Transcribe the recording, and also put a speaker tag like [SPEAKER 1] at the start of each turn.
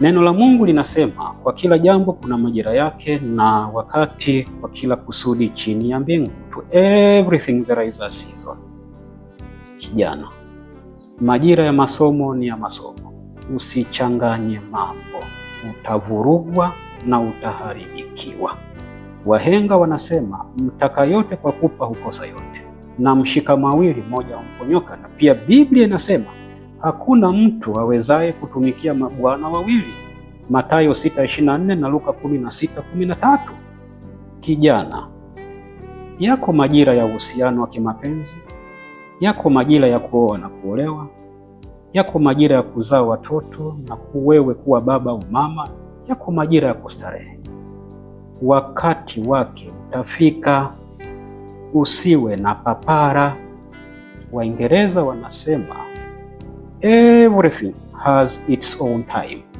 [SPEAKER 1] Neno la Mungu linasema kwa kila jambo kuna majira yake na wakati kwa kila kusudi chini ya mbingu. To everything there is a season. Kijana, majira ya masomo ni ya masomo, usichanganye mambo, utavurugwa na utaharibikiwa. Wahenga wanasema mtaka yote kwa kupa hukosa yote, na mshika mawili moja humponyoka, na pia Biblia inasema hakuna mtu awezaye kutumikia mabwana wawili, Mathayo 6:24 na Luka 16:13. Kijana, yako majira ya uhusiano wa kimapenzi, yako majira ya kuoa na kuolewa, yako majira ya kuzaa watoto na kuwewe kuwa baba au mama, yako majira ya kustarehe. Wakati wake utafika, usiwe na papara. Waingereza wanasema everything has its own time.